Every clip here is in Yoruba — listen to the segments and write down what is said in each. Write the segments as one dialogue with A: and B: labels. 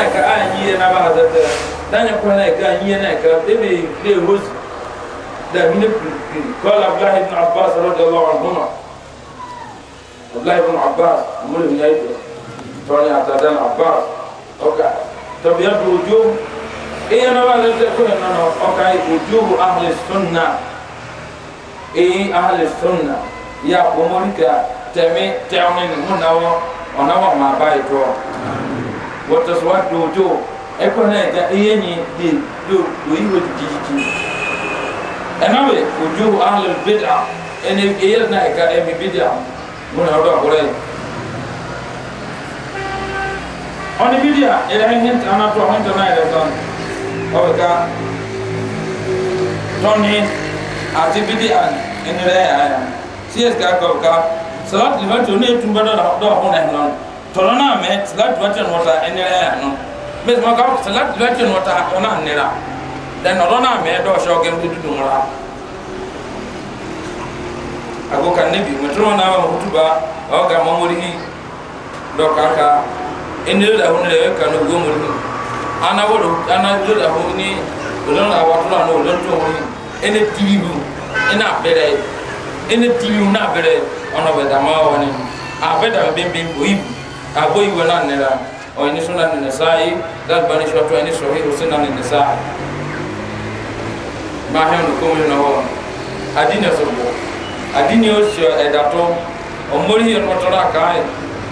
A: na ka a nyi na ba ha da da nya kwa na ka nyi na ka de be de hoz da min qala abdullah ibn abbas radiyallahu anhuma abdullah ibn abbas mulu ni ay to ni atadan abbas oka to bi yadu wujuh iya na ba da ko na no oka wujuh ahli sunna eh ahli sunna ya ko mo ni ka tẹ̀mí tẹ̀mí nínú náwó ọ̀nàwó ọ̀mà báyìí tó wɔtɔsowado do ɛkɔ na ɛda ɛyɛ nyi de do oyi wɔ gyigyi ɛna wɛ ojo ahlul bid'a ɛnɛ ɛyɛ na ɛka ɛmi bid'a mo na ɔdɔ agorɔ yɛ ɔne bid'a ɛyɛ ɛhɛn ana to ɔhɛn to na ɛdɛ tɔn ɔbɛ ka tɔni ati bid'a ɛnɛ rɛ yɛ ayɛ siyɛs ka kɔ ka sɔlɔ tilifɛ to ne ye tumba dɔ la dɔ tɔnɔ naa mɛ salati lɔtɛ nɔta ɛnɛrɛ yɛ no mɛsi ma ka salati lɔtɛ nɔta ɔna nira dɛ nɔrɔ naa mɛ dɔw sɔ gɛn bi dudu ŋɔra a ko ka ne bi mɛ tɔnɔ naa mɛ hutuba ɔɔ ka mɔmɔri hi dɔ ka ka ɛnɛrɛ la hun lɛ ka no wo mɔri hi ana wolo ana do la hun ni olɔn la wa tɔnɔ na olɔn tɔn wɔri ɛnɛ tibi bu ɛnɛ abɛrɛ ɛnɛ tibi bu n'a ɔnɔ bɛ dama wani a bɛ dama bɛnbɛn o yi bu aboyi wala nera o ini sunan nisai dal bani shwatu ini sahih sunan nisai ma hen ko mi no adina so adini o sio edato o mori yon motora kai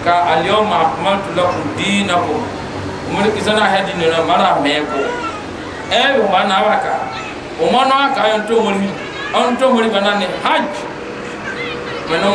A: ka alyoma akmaltu lakum dinakum umuri kisana hadini na mara meko e eh, umana waka umana waka yon to mori on to mori banani hajj meno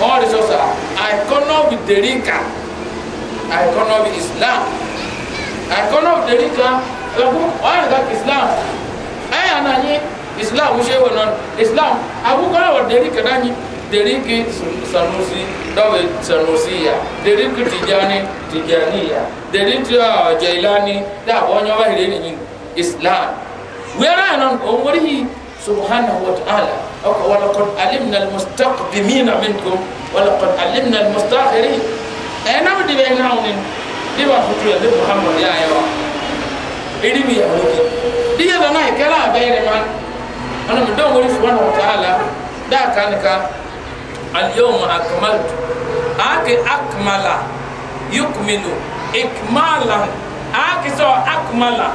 A: all this also I cannot be derika I cannot be Islam I cannot be derika lagun all that Islam ẹ yà nà nyi Islam ṣe wọ nọ Islam àbúkọ́ ẹ̀ wọ derika nà nyi deriki sanusi dɔw sanusi ya deriki tijani tijani ya deriki ɔ jailani dɛ a bɔ de ɲini Islam wɛrɛ yɛrɛ o wari subhanahu wa ta'ala ọkọ̀ wọlọ́kọ̀ alimna almustaqdimina minkum wọlọ́kọ̀ alimna almustakhirin ẹ̀ eh, náà wọ́n dìbẹ̀ náà wọn ní bá futu ẹ̀ ní muhammad yà ayé wa èdè mi yà wọ́n kì díẹ̀ lọ́nà ìkẹ́lá àbẹ́yẹrẹ ma ọ̀nà mi dọ́wọ́ wọlé subhanahu wa ta'ala dáa kánìkan alyawma akmaltu ake akmala yukmilu ikmala ake sọ akmala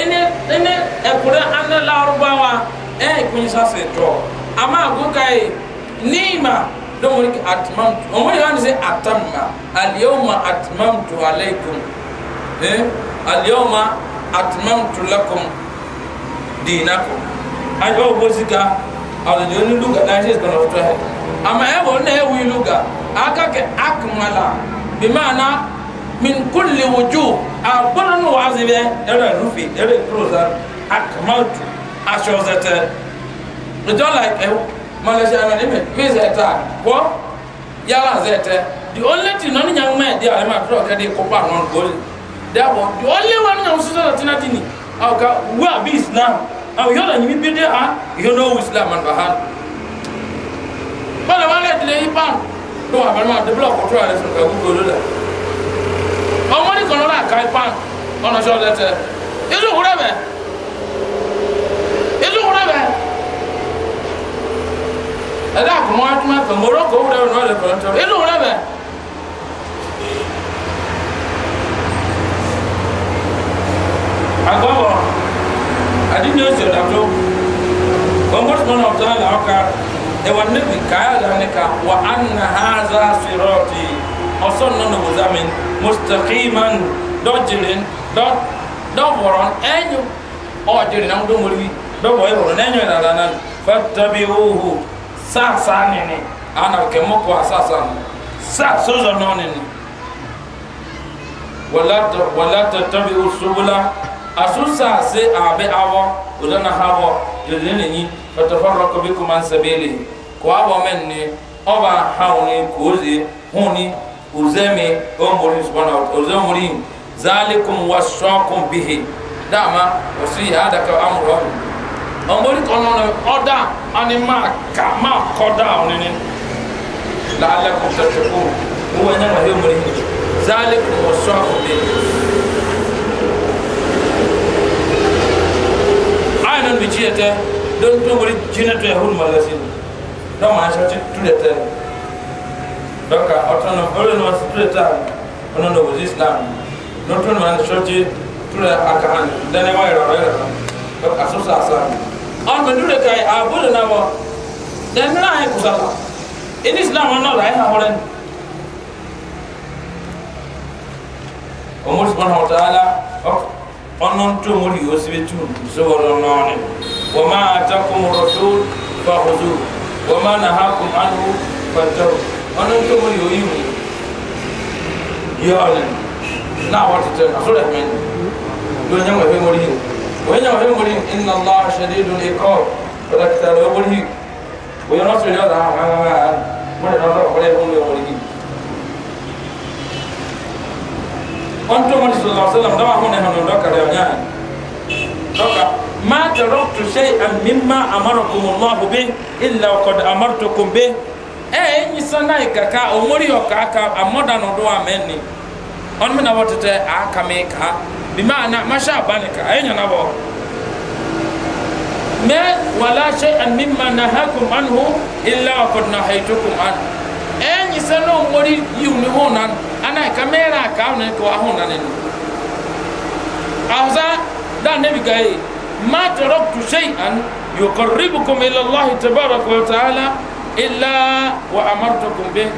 A: ene ene ẹkùnrin anẹ lárúbáwá ɛyɛ kunsa sɛ dɔ ama agoka yi niima dɔmɔri ki atimam ɔmɔ de wani sɛ atamma aliyawma atimam tu aleikum ɛn eh, aliyawma atimam tu lakum diinakum ayi o bosi ka alonso ni luka naa se sɔrɔ tɔ hɛ ama ɛ eh, wɔ ne eh, wi luka aka kɛ akumala bimaana min kulli wuju a ah, gbɔdɔ ni waazi bɛ ɛrɛ rufi ɛrɛ kurosa akumal tu aṣọ zẹtẹ ìjọ like ẹ malaysia náà níbẹ̀ mí zẹtẹ wọ́ yàrá zẹtẹ the only thing náà níyàn mẹ́ẹ̀ di àrẹ́mà àdúrà kẹ́ di kópa àwọn gòlì dẹ́wọ̀ the only one níyàn sísọ náà tìǹà tìǹì àwọn ah, ká wú àbí islam àwọn yọ̀ọ̀dà yìí bí dé ha yóò náà wú islam àná bàhán bọ́lá wọn lè dìlé yìí pan tó wà bẹ́ẹ̀ máa débúlọ̀ kọ́tù àrẹ sọ̀rọ̀ kẹ́ gbogbo olólè ọmọdé kan náà ká ipan ọ̀nà sọ̀rọ̀ lẹ́tẹ̀ ẹ̀dá àkùnmọ́ adúmọ̀ ẹ̀kọ́ morocco ó dẹ̀rù náà lẹ́kọ̀ọ́ nítorí inú rẹ̀ bẹ̀. adi adínú oṣù ọ̀dàdó gbọ̀ngbọ̀n tó náà tán là ọ̀ka ẹ̀wọ̀n níbi káyà lánìkà wà á nà ha zá sírọ̀tì ọ̀sán náà nà wòzá mi mustaqiman dọ́jìrín dọ́bọ̀rọ̀ ẹ̀yìn ọ̀jìrín náà dọ́mọ̀lì dọ́bọ̀ ẹ̀bọ̀rọ̀ ẹ̀yìn ìlànà fàtàbí òhù saa saa nini ana ke moko saa saa saa sozo no nini wala wala tatabi usubula asusa se abe awo ulana hawo dilene ni fatafarraqu bikum an sabili ko awo men ni oba hawni kozi huni uzemi omuri subhanahu wa ta'ala uzemi zalikum wasaqum bihi dama wasi hada ka amru ọmọdé kan náà ọ̀dà àni máa kà máa kọ́dà ọ̀nìní làálẹ̀ kò tẹ̀sẹ̀ kó mo wà nyàmà yóò mọ̀lẹ́ yìí zálẹ̀ kò wọ́n sọ àkùnlé. ayé nínú bìjì yẹ tẹ lórí tó wọlé jìnnà tó yẹ hó lùmọ̀ lẹ́sẹ̀ ni dọ́ọ̀ máa ń ṣe tó yẹ tẹ dọ́kà ọ̀tọ̀ náà ọ̀rẹ́ ni wọ́n ti tó yẹ tẹ ọ̀nà ní islam lórí ní wọ́n ti ṣọ́ọ́ tẹ tó lẹ́nu wáyé rọ̀rọ̀ rẹ̀ lọ́kà sọ́sọ́ àṣà mi ọmọ ìlú rẹ̀ ka ẹ̀ àbúrò náà wọ̀ dẹ́nu náà ẹ̀ kùsà wà ní islam náà láyé náà wọ́n rẹ̀ nù. ọmọ sọ̀rọ̀ náà wọ́n tààlà ọ̀nà tó mọ̀ ní oṣù tó sọ̀rọ̀ náà ni wọ́n máa takùn rọ̀ tó fa òdo wọ́n máa nà ha kùn ánú pàtó ọ̀nà tó mọ̀ ní oyún yọ̀ọ̀lẹ̀ náà wọ́n ti tẹ̀ àtúrẹ̀ mẹ́rin lóyún ẹ̀fẹ́ mọ́rí yìí. wẽnna fẽ bõrẽ ĩnna allah shadidu liqab la kitaaba bõrhi wẽn ra sẽn yãda ããã bõe ra ra bõe bõe bõrhi on tʋmd sala salam dãma fõ ma taraktu shay'an mimma amarakum allah bih e yi sana ikaka omori yɔ kaka amɔdanu do amɛni ɔn mina wɔtete aakame kaa bimaana masha abanika ayi nyana bɔ mɛ wala shay an mimma nahakum anhu illa qad nahaytukum an ɛnyi sɛ no mori yiw ni ho nan ana ka mɛra ka ne ko aho nan ni ahza da ne bi gai ma taraktu shay'an yuqarribukum ila allah tabaaraka wa ta'ala illa wa amartukum bih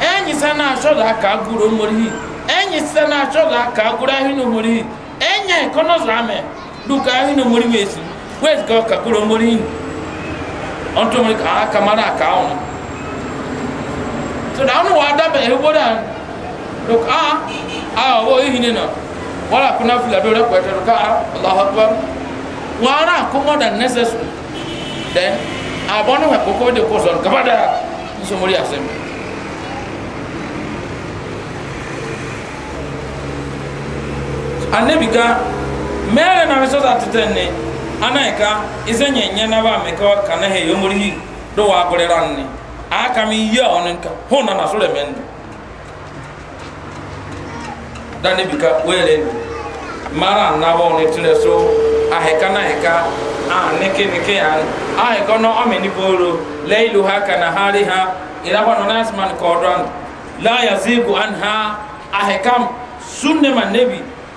A: ɛnyi sɛ shoda ka guro mori enyi site na achọla ka agụrụ ahịa n'omori enye nke ọnọzọ amị duka ahịa n'omori wee si wee ka ọka kụrụ omori ihu ọtụ omori ka aka mara aka ọnụ so na ọnụ wa adabeghị ụgbọdọ e ahụ dụka a a ọwụ ihi nị nọ wala na fila dore kwete dụka a allahu akbar wara akụ more than necessary then abọ na wepụ kọdị kọsọ nkabada nsomori asem anabi ga mere na resource atetenne anaika izenye na ba meka kana he yomuri do wa goreranne aka mi ya onenka hona na na sole mende dani bika wele mara na ba oni tire so aheka na heka a neke neke ya aheka no ameni boro leilu haka na hariha ila ba no nasman kodran la yazigu ha, ahekam sunne man nabi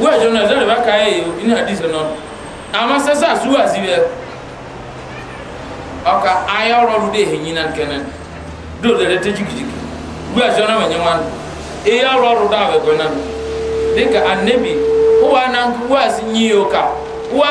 A: wúrọ̀ jọ náà zọ́rọ̀ bá káyé inú àdìsọ náà àmọ́ sẹ́sẹ́ àsúwà síbẹ̀ ọkà ayé ọ̀rọ̀ ọ̀rọ̀ dé èyí náà kẹ́nẹ́ dúró lẹ́rẹ́ tẹ́ jìkìjìkì wúrọ̀ jọ náà wẹ̀nyẹ́ wọn èyí ọ̀rọ̀ ọ̀rọ̀ dá àwẹ̀ gbọ́n náà dika anabi wúwa náà kú wúwa sí nyí o ká wúwa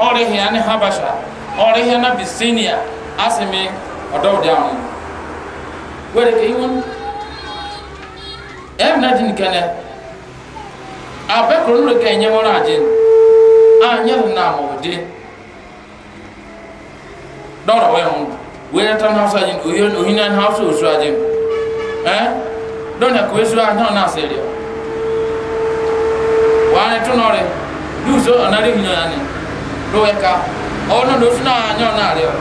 A: Ọrịa ihe ọrịhịa ni ọrịa ihe na bisinia asịmị ọdọwụdị ahụ were ka iwu em na dị nkene abekụrụ nri ka enye nwere ajị anya na amụdị dọrọ wee hụ wee n'ata na hausa ajị ohi ohi na hausa osu ajị eh dọnya ka wesu ahụ na na-asị asịrị wa anyị tụ n'ọrị dị ụzọ ọ na-adịghị n'anya lówẹ e, e, e, ka ọwọ́nà ló fún náà yàn náà rẹ o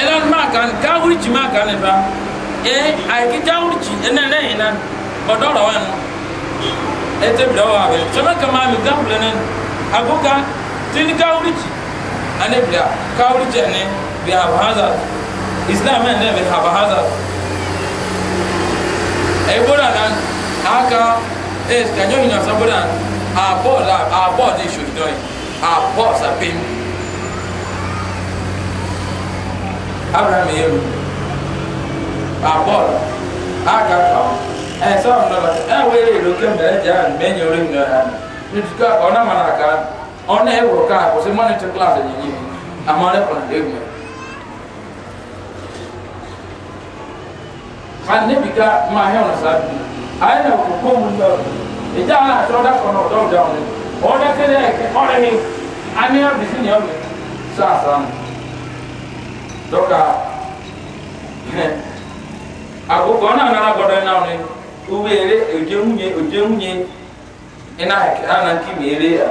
A: ẹlẹ́nu máa kàn gáwúrì jì máa kàn nípa ẹ àìkí gáwúrì jì ẹnẹ lẹ́yìn náà ọ̀dọ́ ọ̀rọ̀ wa nù ẹ tẹ́bìlẹ̀ wà bẹ̀ sọ́mẹ́ kàn máa mi gáwúrì náà àbúkà tí ní gáwúrì jì ẹnẹ bìlẹ̀ gáwúrì jì ẹnẹ bìlẹ̀ àbáhàzà islam ẹnẹ bìlẹ̀ àbáhàzà ẹ bọ́dà náà àkà ẹ kàjọ́ yìí náà sábọ́dà our board our board dey should join. our boss are paying abraham eyeru our board aka fam ẹ sọ wọn lọ ẹ wẹrẹ ìlú kẹmẹ ẹ jẹ àná mẹyìn orí mi ọyàn nítorí ọ̀nà mọ̀nà kan ọ̀nà ẹ̀wọ̀ ká kò sí mọ́nítì class ẹ̀yìn yìí àmọ́ ọ̀nà ẹ̀wọ̀ ká níbi ká máa hẹ́ ọ̀nà sáà bí i àyẹ̀wò kò kó mu lọ́wọ́ ìjà àwọn àti ọ̀dà kan náà ọ̀dọ́ọ̀dà ọ̀hún ọ̀dà kéde ẹ̀kẹ́ ọ̀rẹ́ mi ani ọ̀dì sí ni ọ̀mẹ́ sọ àsán dọ́kà àkókò ọ̀nà àná gbọ́dọ̀ iná ọ̀nẹ́ uwere ojenwunye ojenwunye ina ana kimi ere ya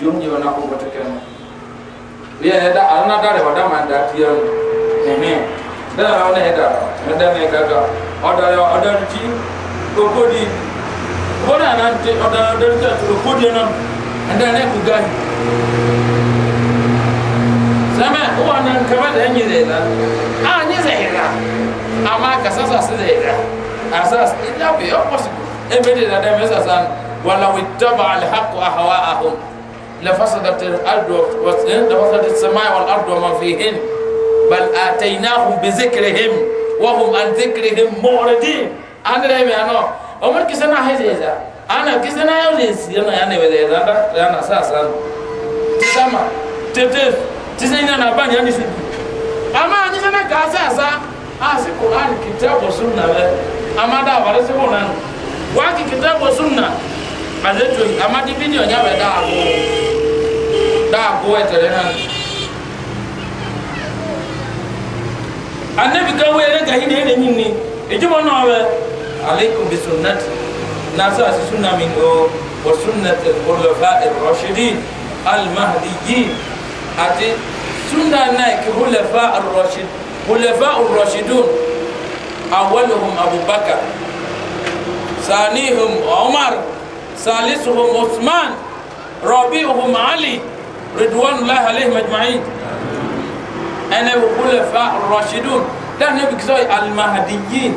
A: jonye ọ̀nà àkókò tẹ̀kẹ́ náà bia ne da ana da re wada man da tiya ne ne da ona he da ne da me ka ga oda oda ti kora nan te oda oda te to podi nan anda ne ku gai sama o nan kama da yin zai da a ni zai da amma ka sasa su zai da asas illa bi impossible e be da da mesa san wala wittaba al haqq ahwa'ahum la fasadat al ardu wa la fasadat as-samaa'i wal ardu wa ma fihin bal atainahum bi dhikrihim wa hum an dhikrihim mu'ridin an reme ano omar kisana hezeza ana kisana yolesi yana yana weleza da yana sasa tisama tete tisina na bani yani sidi ama ani sana gaza sa asi qur'an kitabu sunna le amada bare se bonan wa ki kitabu sunna azeto amadi video nyawe da ko da ko etere na annabi kan wele gahine ne nyinni ejumo no awe عليكم بسنتي ناسا سنة من وسنة الخلفاء الراشدين المهديين أتي سنة نايك خلفاء الراشد خلفاء الراشدون أولهم أبو بكر ثانيهم عمر ثالثهم عثمان رابعهم علي رضوان الله عليهم أجمعين أنا خلفاء الراشدون ده نبي المهديين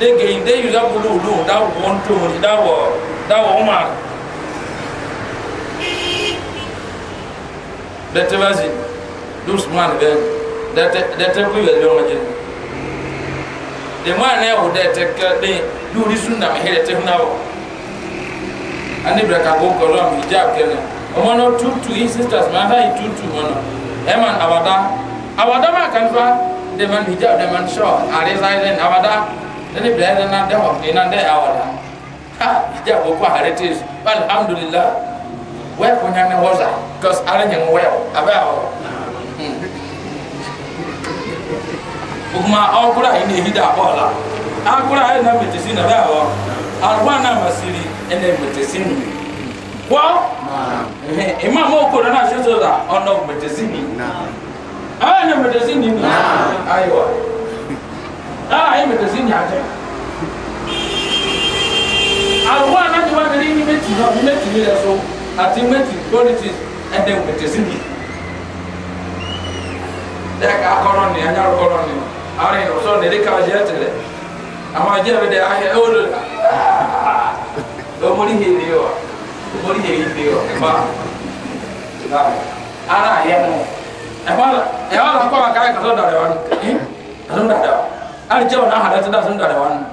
A: de geyin de yuga bulu du da won to ni da wo da wo ma da te bazi dus man ben da te da te ku yelo ma je de ma ne o da te de du ri sunna me hele te na wo ani bra ka go ko ram hijab kene o ma no tu tu his sisters ma ha tu tu ma no e man abada abada ma kan fa de man hijab de man shawl are zaiden abada nani bila na na da awa ina da awala ha ja bo kwa heritage alhamdulillah we ko nya ne hoza cause ara nya ngwe aba awo kuma awkura ina hida bola akura na metesi na ba awo alwana masiri ene metesi ni kwa hmm. eh imam ko na shozo da ono metesi ni na ah na metesi ni na ah ye mete sin nyaje awo na ti wa ni na so ati meti politics and then mete sin ni daga kono anya ari so ne de ka je tele ama je be de ahe lo do mori ni o mori he ni ara ye mo e wala e wala ka da re wa da aje na hada tada sun da wan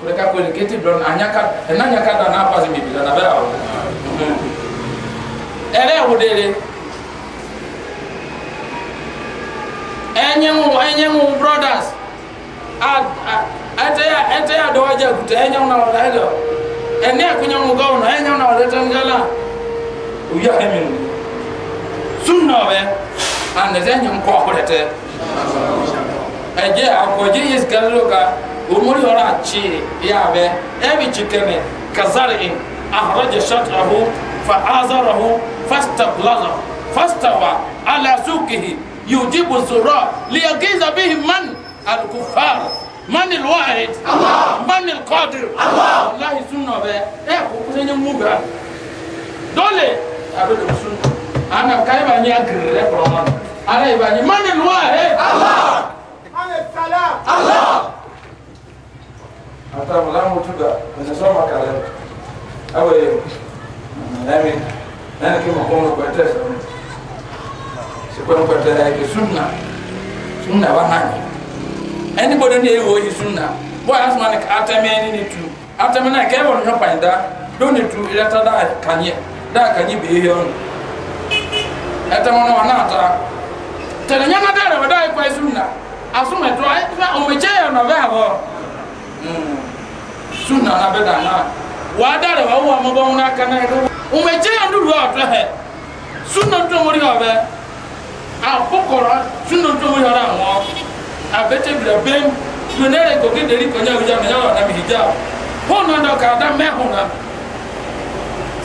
A: kure ka kule keti don anyaka enanya ka da na pazi mi bila na ba o ere hudele enye mu brothers a ate ya ate ya doja kute enyengu na wala hilo ene kunya mugao na enyengu na wala tangala uya hemin sunna be ande enyengu ko hudete ɛdze akɔdze yesikalilo ka omori yɔrɔ atsi yaabɛ ɛbi tsi kɛmɛ kazari in ahɔrɔdze shatahu fa azarahu fastablaza fastawa ala sukihi yujibu zura liyagiza bihi man alkufar من الواحد الله من القادر الله والله سنة بقى ايه كوكوزين يموغا دولي أبدا سنة أنا كايبا نيا كرر أنا يباني من الواحد الله
B: Allah
A: ata wala mutu da ne so makare awe amin nan ke mu kono ko ta so se kono ko ta ke sunna sunna wa han ani bodo ne wo sunna bo ya suma ne ka tu ata me na ke wo no pa nda do tu ila ta da kanye da kanye be he on ata mo no na ata tele nyama da ra da sunna asome to ayi na ome kye yɛ nɔbɛ awɔ sun nana bɛ da na waa dari wa wa mɔbɔ ŋuna kana yi ome kye yɛ nuru wa tɔ hɛ sun na to mori wa bɛ a kɔkɔrɔ sun na to mori wa la ŋɔ a bɛ tɛ bila bɛn tu ne yɛrɛ gogi deri kɔnyɛ wuli jami yɔrɔ na mi hija hɔn na dɔ k'a da mɛ hɔn na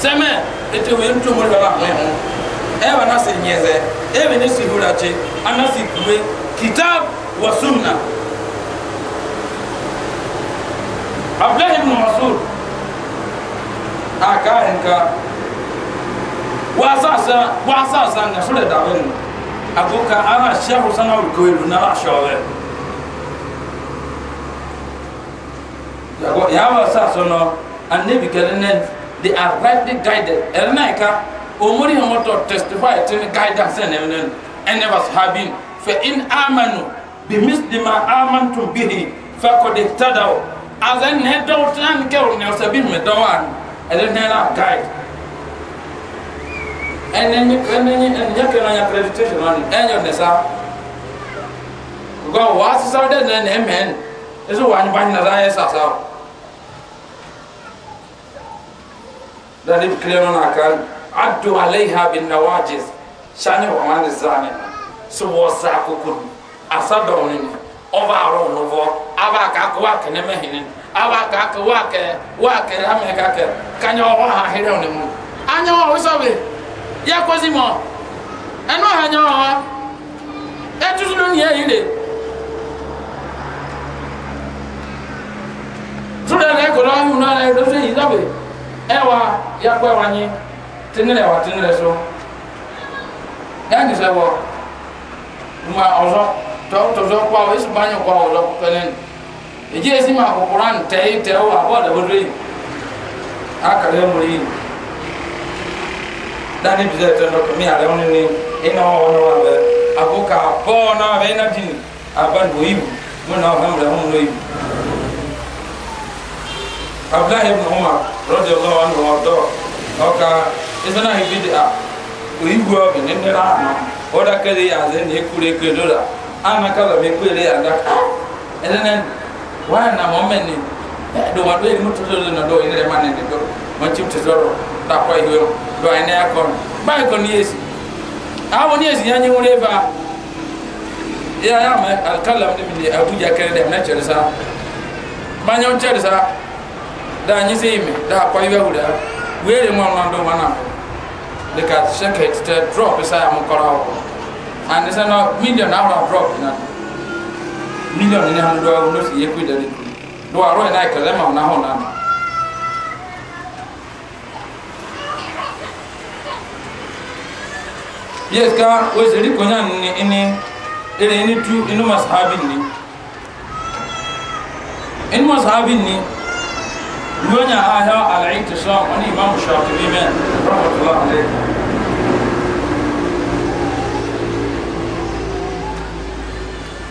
A: sɛmɛ ete o ye n to mori wa la ŋɔ ɛ wa na se nyɛzɛ e bɛ ne si hula tse a na si kitab wa sunna abdullahi ibn masud aka hinka wasasa wasasa nga sule dawen akoka ara shehu sana ulkoelu na rashowe ya wasasa no annabi kalinen they are rightly guided elnaika omori homoto testify to guidance and evidence and never have been فإن آمنوا بمثل ما آمنتم به فقد اهتدوا أذن هدوا تان كرم يوسبين مدوان أذن هنا قايد أن أن أن يكنا يكريتيشن أن أن ينسى go was so that then him hen is one by na ya sa sa that it clear on akan addu alaiha bin nawajis shani wa man zanin sobo saa koko asa dɔɔni ni ɔba arɔ wɔn bɔ aba k'akɔ wa kɛnɛ mɛ hinɛ aba k'akɔ wa kɛ wa kɛrɛ amɛ k'akɛ kanyɛ ɔwɔ ha hinɛ wɔn mu anyɛ wɔ yɛ kɔsi mɔ ɛnu ha nyɛ wɔ etutu no yi na yɛ yi ɛwa ɛwa nyi wa so ma ɔzɔ tɔ tɔzɔ kɔ awɔ esu banyɔ kɔ awɔ lɔkɔ kɛnɛn edzi esi ma kɔkɔra ntɛ yi tɛ wɔ abɔ dɛ wodre akari ɛmu yi dani bi dɛ tɛ dɔkɔ mi alɛ wani ni ina wɔ wɔn wa bɛ abo ka bɔɔ na bɛ ina di aba do yi mu na wɔ hɛmu lɛ hɔmu lɛ yi abdulahi ibn umar rɔdi ɔlɔ wani wɔ dɔ ɔka esana yi bi di a oyi gu ɔbi ne nira oda kele ya ze ne kure kure dola ama kaba me kure ya da elene wana momeni do wa do mutu do na do ine mane ne do ma chim te zoro da kwa hiyo do ine ya kon ba ko ni yesi awo ni yesi yanyi wure ba ya ya ma alkalam ni ni abuja kere de na chere sa ma nyam chere sa da nyi se ime da kwa hiyo wure were mwa mwa do mana dịka sheket te drọp ịsa ya m kọrọ ọkụ and ịsa na no million. a drọp na milion ihe ha ndị ọrụ n'otu ihe kwụ ịdara ikwu do I run na ekele ma ọ na ahụ na anọ yes ka wezeri konya ni ini ere ini tu inu masahabi ni inu masahabi ni يونيا هذا الاعتصام عن إمام الشاطبي من رحمة الله عليه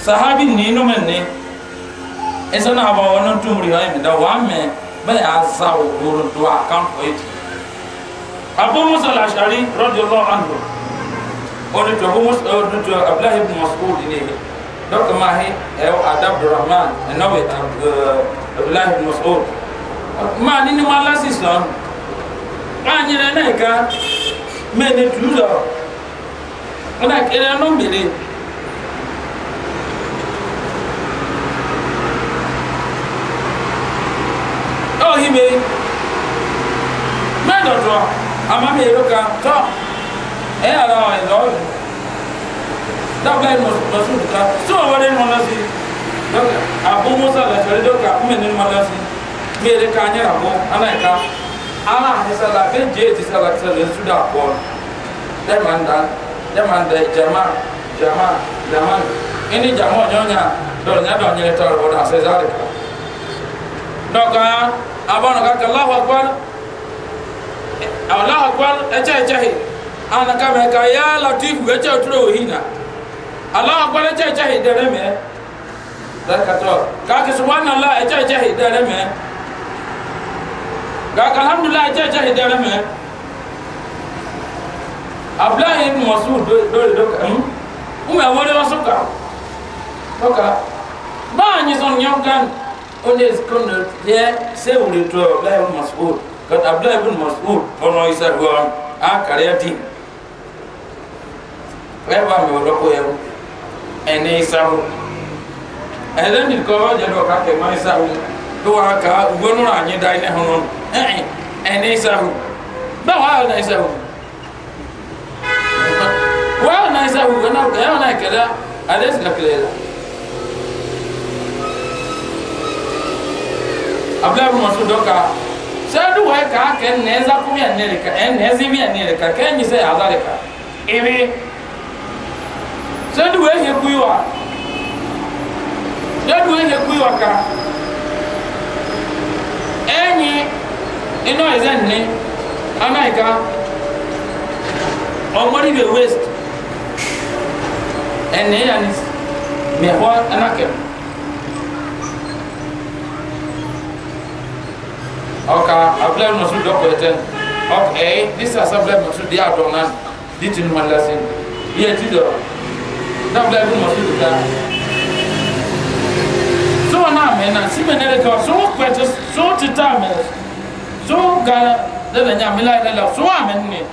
A: sahabi ninu menne esana aba wono tumri hay da wame ba ya zaw guru do akam oit abu musa al ashari radiyallahu anhu on to abu musa on to abdullah ibn mas'ud ne dokma he adab rahman nawi abdullah ibn mas'ud maa ni nima lasi sɔn a nyere ne ka mɛ ne tu dɔ ɔna kere no mele ɔhi me mɛ ama mi yɛrɛ ka tɔ ɛ yàrá ɔ ɛlɔ dabila yi nɔsu ta tí o wọlé nɔ lasi dɔkɛ musa ni lasi. mere ka anyara mo ana ka ana hisa la be je ti sala ta le su da ko de manda de manda jama jama jama ini jama nyonya do nya do nya ta ro da se zare ka do ka abana ka Allahu akbar Allahu akbar eche eche ana ka me ka ya latif eche otro hina Allahu akbar eche eche dere me zakato ka ki subhanallah eche eche dere me gaka alhamdulilayi jẹ jẹ hidẹrẹ mẹ abdulayi ibn masud lórí lóka ẹmu umu ẹ wọlé wọn sọka lọka báà nyi sọ nyẹ gan onde kondo yẹ sẹwùrẹ tó abdulayi ibn masud kata abdulayi ibn masud ọ̀nà isa gbọ́ a kàrí ẹ ti ẹ bá mi wọlé kó yẹ wọ ẹ ní isa wọ ẹ lẹ́nu kọ́ ọ jẹ́ lọ́ka kẹ́ mọ́ isa wọ wa ka gbɔnu na anyi da ne ho no ɛn ɛne sa ho na wa yɛ na sa ho wa yɛ na sa ho gana gana na kɛlɛ ale sika kɛlɛ la abulayi bi ma so dɔ ka ken wa yɛ ka kɛ nɛɛza kumi yɛ nɛɛri ka ɛn nɛɛzi bi yɛ nɛɛri ka kɛ nyi sɛ yɛ aza de ka ebi sɛdu wa yɛ hɛ kuyi wa sɛdu wa yɛ hɛ kuyi ka ɛnyi ina ɛzɛn ni anayika ɔmɔdi bɛ west ɛnɛ yanni mɛ hɔ ɛna kɛ ɔka abulɛ nɔsu dɔ kɔ ɛtɛ ɔk ɛyi disa sabulɛ nɔsu di a dɔn na di ti numalasi yɛ ti dɔ n'abulɛ nɔsu di ta so wọn náà mẹ́ná sí mẹ́ná lè kọ́ so pẹ̀tù so títà mẹ́ so gara lẹ́bẹ̀ ní àmì láì lẹ́lẹ̀ so àmì nìyẹn.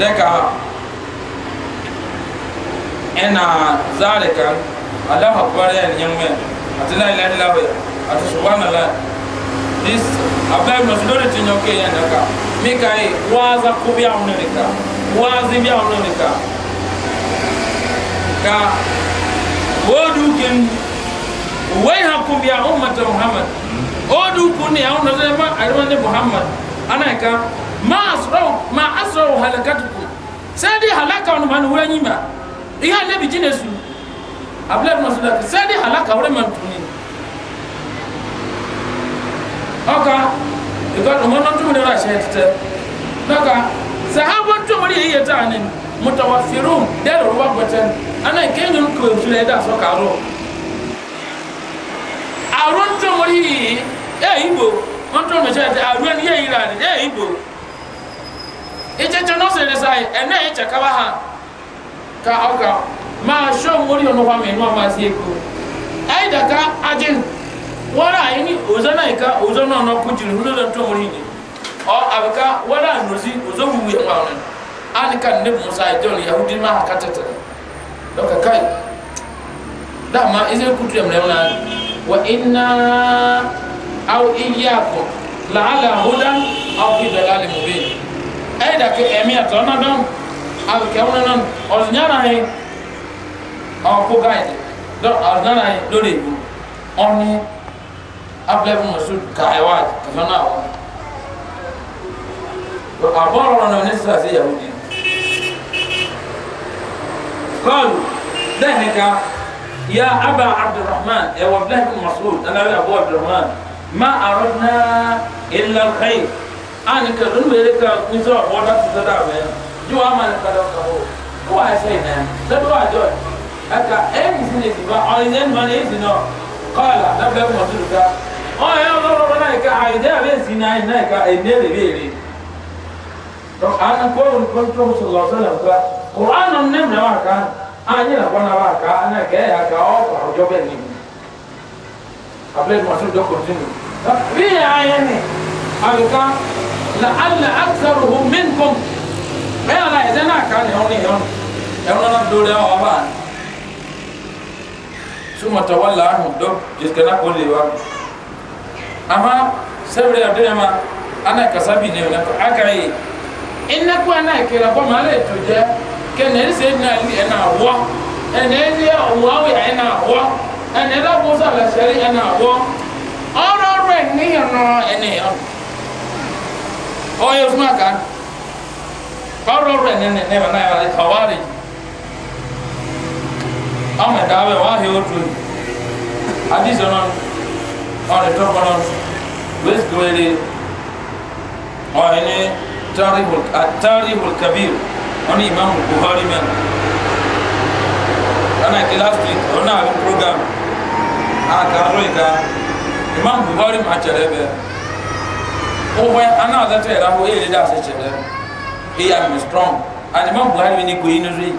A: dẹ́ka ẹ̀nà zárika aláhàkúrẹ́ ẹ̀yẹ́mẹ́ àti láì láì láwẹ̀ àti ṣùgbọ́n náà this abẹ́ mọ̀sùlórí ti yàn kéèyàn dẹ́ka mí ka yìí wáázà kó bí àwọn nìkan wáázì bí àwọn ka wodu kin wai hakum ya ummata muhammad odu kun ya on nazar ma arman muhammad ana ka ma asra ma asra halakatukum sai dai halaka on man wani ma iya nabi jinesu abdullahi ibn masud sai dai halaka wurin man tuni aka ikan umman tun da rashe ta daga sahabban tun wani yayi ta anin mutawafirun dɛrɛ ruwa gbɛtɛn ana kɛnyɛ nu kuro nfilɛ da sɔ karo aron tɔmɔri yi eh, ɛ ibo wọn tɔn mɛ sɛ aron yɛ yira ni ɛ ibo kaba ha ka ọ ka maa sɔ mori yɔ nɔfɔ mi nɔfɔ ma se ko ayi ka yi ni a bɛ ka wuwu ali kan ne musa ya e yahudi ma ha kata ta dɔ ka kai e. dama ize kutu ya mɛlɛ na wa inna aw iyakɔ la ala huda aw fi dala ali mu bin ɛyɛ e da ke ɛmi a tɔn na dɔn a bɛ kɛ wuna nɔn ɔzinyana ye ɔ ko gaa ye dɔn ɔzinyana ye dɔ de bu ɔni abulɛ bi muso gaa ye wa ka na awɔ a bɔra wɔn na ne sisan se yahudi. قالوا ذهك يا أبا عبد الرحمن يا عبد الله أنا يا أبو عبد الرحمن ما أردنا إلا الخير أنا كرر بيرك نزوا ولا تزداد بين جو ما كلام كهو هو أسينا تدوا جون أكا أي مسلم يبغى عايزين ما نيزنا قال لا بد مسعود أو يا ربنا إنك عايزين بين زنا إنك إني بيري طب أنا كون كنت رسول الله صلى الله عليه وسلم kur'an ne mìíràn wà ká anyi na bọ́ um um na wà ká ana kẹ́ ya ká ọ́ kọ́ ọjọ́ bẹ́ẹ̀ ni abúlé mọ̀tò dọ́ kọ́ntínú. bí yà á yẹ ni àlùká la ala aksaru hu min kum bẹ́ẹ̀ ala ẹ̀dẹ́ náà ká ni ọ̀hún ni ọ̀hún ẹ̀hún náà dóore ọ̀ bá a. sumata wàllu ahun dọ́ jẹ́sìkẹ́ náà kọ́ lè wa. àmà sẹ́wìrì àdéhùn ma ana kasa bi ne aka yi. ìnákú aná ìkẹlẹ bọ́ màálẹ̀ tó jẹ́ kene e e e ni sayyidina ali ena wa ene ni muawiya ena wa ene la musa la shari ena wa ọrọ rẹ ni ọrọ ẹni ọ ọyọ fún aka ọrọ rẹ ni ẹni ẹni ẹni ẹni kawari ọmọ ẹdá wẹ wàhíọ tó adíṣọ náà ọrẹ tó kọ náà wíṣíkì wẹrẹ ọyọ ni wani imam buhari men ana ke last week ona abi program a ah, karo ika imam buhari ma chere be o oh, we ana da te ra ho e le da se chere e ya strong and imam buhari ni ko inu ri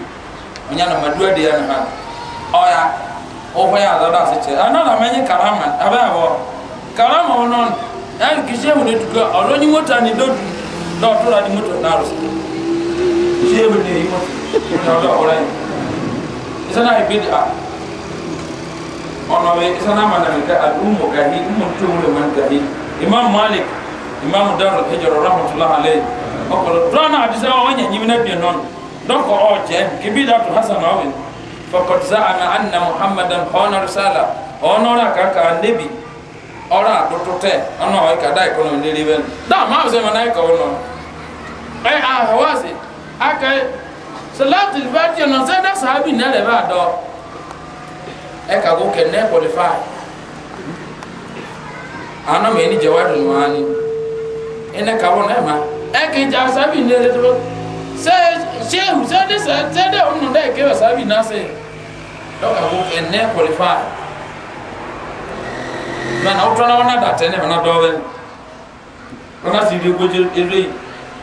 A: onya na madua de ya na ha oya o we ya da se chere ana na menye karama abe abo karama onon ya kishe ne tuka mota ni do do ni mota na shebe ne yi mutu na wala orai isana yi bid'a ono be isana man da ka al'ummu gahi mun tumu man gahi imam malik imam Dar, hijr rahmatullah alayhi akol dana hadisa wanya nyimina bi non donc o je kibida to hasan awin faqad ana anna muhammadan khana risala onora ka ka nabi ora dotote ono ka dai kono ni liben da ma ze manai ka ono ai a hawasi aka salatul fatiha na sai da sahabi na le ba do e ka go ken ne qualify ana me ni jawadu mani ene ka won e ma e ke ja sahabi ne le to sai shehu de da sai da on da ke sahabi na sai do ka go ken ne qualify mana o tona wana da tene mana do be ona si de go je ere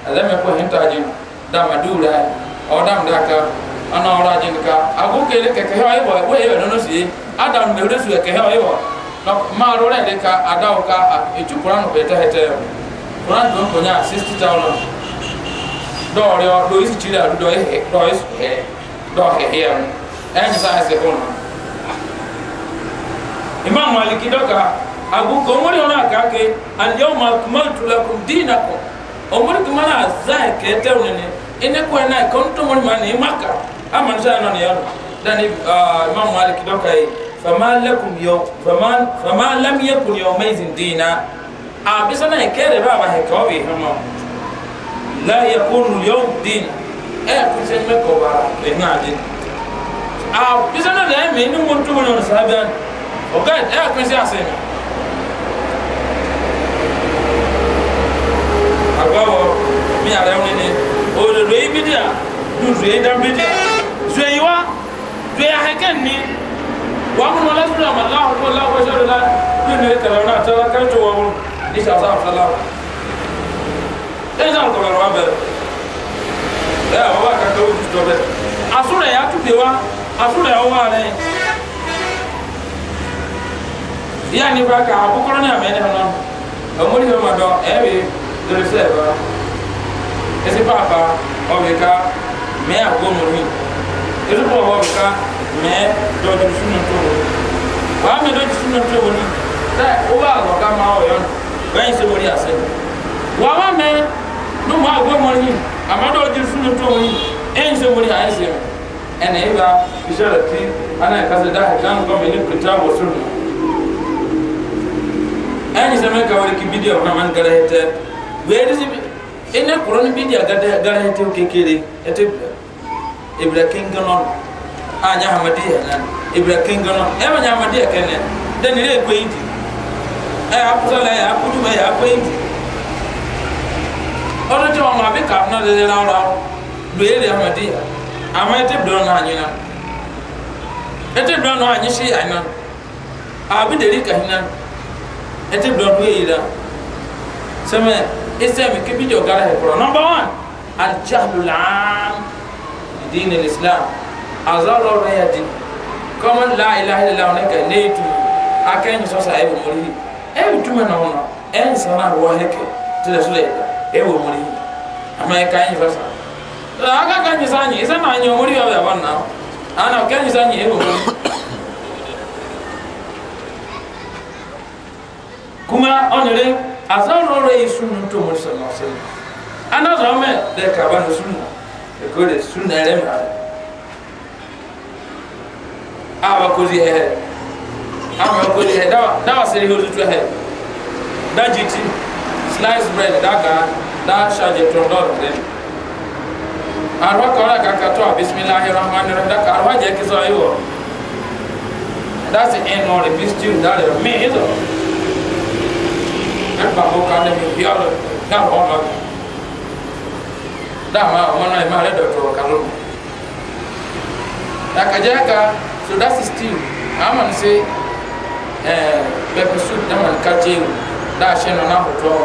A: ala me ko hinta ajinu dama dura odam daka ana ora jinka agu kele ke ke hoye bo we yo no si adam su ke hoye no ma ro le ka ada ka e chu quran be ta hete quran ko nya 60000 do re o do isi chira do e do is e do he he imam maliki agu ko mo ona ka ke al yawma akmaltu lakum dinakum za ke te ene ko na kon to mon man e makka aman sa non yaro dan ah, imam malik do kay fama lakum yaw fama fama lam yakun yawmaizin dina a ah, bisana e kere baba he ko bi hama la yakun yaw din e eh, ko sen me ko ba e eh, ngade a ah, bisana da me ni mon to mon sahaban o ga e eh, ko sen asema agbawo mi ara ono rei bidia du rei dan bidia zui wa zui a heken ni wa mun wala su da mallahu ko la ko shar la du ne ka rauna ta kan to wa mun ni sha sa sallahu dan zan ko rawa be da wa ba ka to to be asura ya tu de wa asura ya wa ne yani ba ka abukoro ne amene hono amuri ma do ebe do se ba ese papa ɔbɛka mɛ awo mori ese papa ɔbɛka mɛ dɔdun sunu toro waa mɛ dɔdun sunu toro ni tɛ o b'a lɔ ka ma o yɔn bɛn se mori ase wa wa mɛ n'o ma awo mori ni a ma dɔdun sunu toro ni e se mori a ye se ɛnɛ e ka isɛlɛ ti ana yɛ kase da hakilan kɔmi ni kuta wɔ sunu ɛn sɛmɛ ka wuli ki bidiyo fana man gɛrɛ tɛ wɛrɛ ene kuroni bidi agada gara hete o kekere ete ibra kingono anya ya. nan ibra kingono e ma ya kene den ile ko yiti e aputa la ya kudu ba ya ko yiti ono ti ma be kam na de la la do ele hamadiya ama ete bdo na anyina ete bdo na anyi shi anyina abi de rika hinan ete bdo do ile sema isemi kibi jo gala he kuro number one aljahlu lam din alislam azalo re ya din kama la ilaha illallah ne ka ne tu akan so sa e bo mori e tu ma na ona en sana ro he ke te da sule e bo mori ama e kan so sa la aga kan ni sa ah, ni isa na nyo mori ya ba na ana kan ni sa ni e bo mori kuma onere azan rɔrɔ yi sunu to mo sɛ ma sɛlɛ ana zɔn mɛ dɛ kaba ni sunu eko de sunu yɛrɛ mi ara awa kozi hɛ awa kozi hɛ dawa dawa seri hɛ tutu hɛ da jiti slice bread da ga da shaje tɔn dɔrɔ dɛ aruwa kɔrɔ ka ka tɔ a bisimilahi rahmani rahim da ka aruwa jɛ kisɔ yi wɔ da si ɛnɔri bisitu da de mi yi zɔrɔ ɛba mo ka ne mi obi alo na ɔmo ma mi dama ɔmo na ɛma ale dɔtɔrɔ ka lo akadze aka so that is still ama no se ɛɛ pɛpɛ so dama ka tse o da ahyɛ no na ahotɔ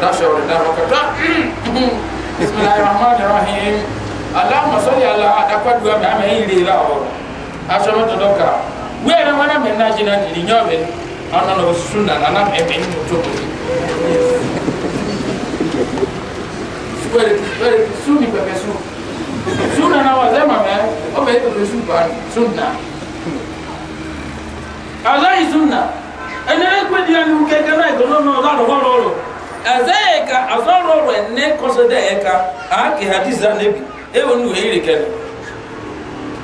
A: da ahyɛ ɔde da ɔka tɔ
B: bisimilayi rahman rahim
A: alama sɔli ala adakwaduwa mi ama eyi le la ɔ asɔmɔtɔ dɔ wíyà náà wọn náà mɛ náà jìnnà nìyí nyɔɔ bɛ. ana na wasu suna na na ebe yi mutu ko su ni pepe su suna eh, na wa zema me o be pepe su ba suna azai suna enere kwe di ani uke kana ego no no za ro ro azai ka azoro ro enne koso de eka a ke hadisi na bi e wonu e ire ke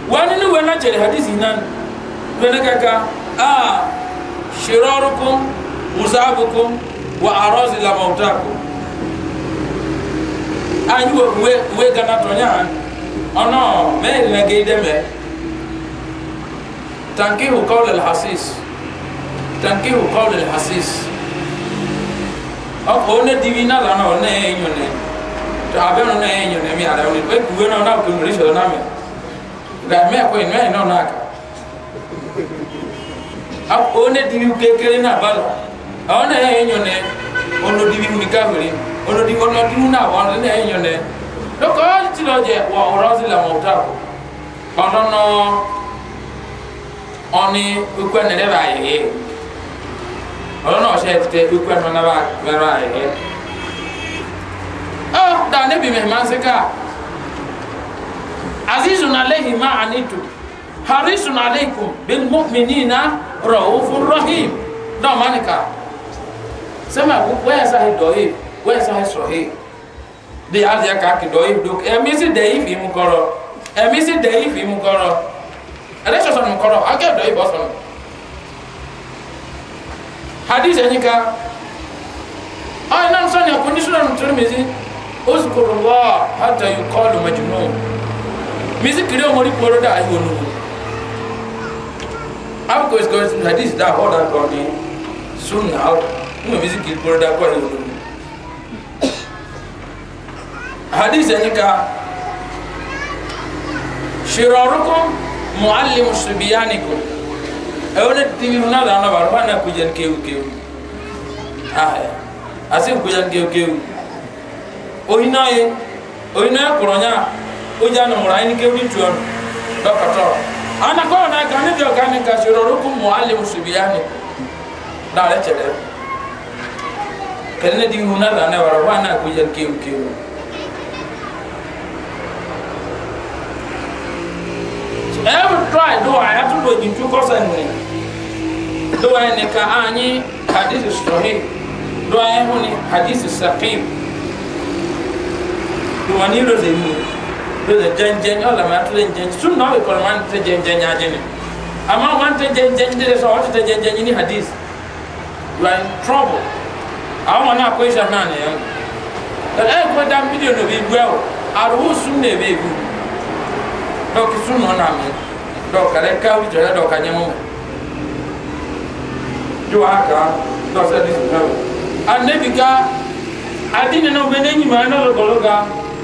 A: wani ni we na jere hadisi nan benekaka ah shirarukum musabukum wa arozi la mautakum anyi wo we we gana tonya ono me na geide me tankihu qawl al hasis tankihu qawl al hasis ako ne divina la no ne enyone to abe no ne enyone mi ala oni we kuwe no na ko mi risho na me ga me ko ni me no one dibi kekere na balo ona ye nyone ono dibi ni kamere ono dibi ono dibi na wa ne nyone ti lo je wa orozi la ko ono no oni ne ono no se te no na ba ba ah da ne bi me man se ka azizun harisun aleikum bil mu'minina ra'ufur rahim náà má nìka sẹ́mi àgbo wẹ́ẹ̀ sáyé dọ̀yé wẹ́ẹ̀ sáyé sọ̀yé di adìyẹ kàkì dọ̀yé dok ẹ̀mí sì dẹ̀ yìí fìmú kọ́rọ̀ ẹ̀mí sì dẹ̀ yìí fìmú kọ́rọ̀ ẹ̀dẹ́ sọ̀sọ̀ nù kọ́rọ̀ akẹ́ dọ̀yé bọ̀ sọ̀nù hadith ẹni ká ọ̀yìn náà sọ̀nù ẹ̀kọ́ ní sọ̀nù tìrìmìsì oṣù kòrò wá àtàyè kọ́ọ̀lù mẹ́jùmọ́ mísìkìrì ọmọdé kúrò dà ayé olùkọ́ how go is going to hadith that all that on the sunna out no music il por da ko no hadith ni ka shirarukum muallimu subyanikum awon tibi na da na bar bana ku jan kewu kewu ah asin ku jan kewu kewu o hinaye o hinaye kuronya o jan mura ni kewu tuon dokator ana kɔrɔ na gane bi gane ka se rɔrɔ ko mɔ ale musobiya ne na ale cɛ dɛ kɛlɛ ne di huna la ne wara wa na ko yɛl kewu kewu ɛbi tɔɛ do a yatu do jintu kɔsɛ ne do a ne ka anyi hadisi sɔhi do a yɛ huni hadisi sakim do a ni lo lóde jẹnjẹn ọ̀la máa tẹ̀lé jẹnjẹn sunna ọ̀bẹ kọ̀ọ̀lá máa tẹ̀lé jẹnjẹn yá jẹnjẹn àmọ́ máa tẹ̀lé jẹnjẹn dídẹ sọ ọ̀tẹ̀lé jẹnjẹn yìí ní hadith you are in trouble àwọn ọmọ náà kó iṣẹ́ náà nìyẹn ẹ̀ ẹ̀ kó dá mílíọ̀ nà òbí gbẹ́ o àrùwò sun nà èbè ebu dọ́kì sun nà ọ̀nà mi dọ́kà rẹ̀ ká wíjọ rẹ̀ dọ́kà nyẹ́ mọ́ yóò wá kà dọ́sẹ̀ dísìn náà anabi ká adínínà ọ̀gbẹ́ n'enyìmọ̀ ẹ̀ náà lọ́gọ̀lọ́gà.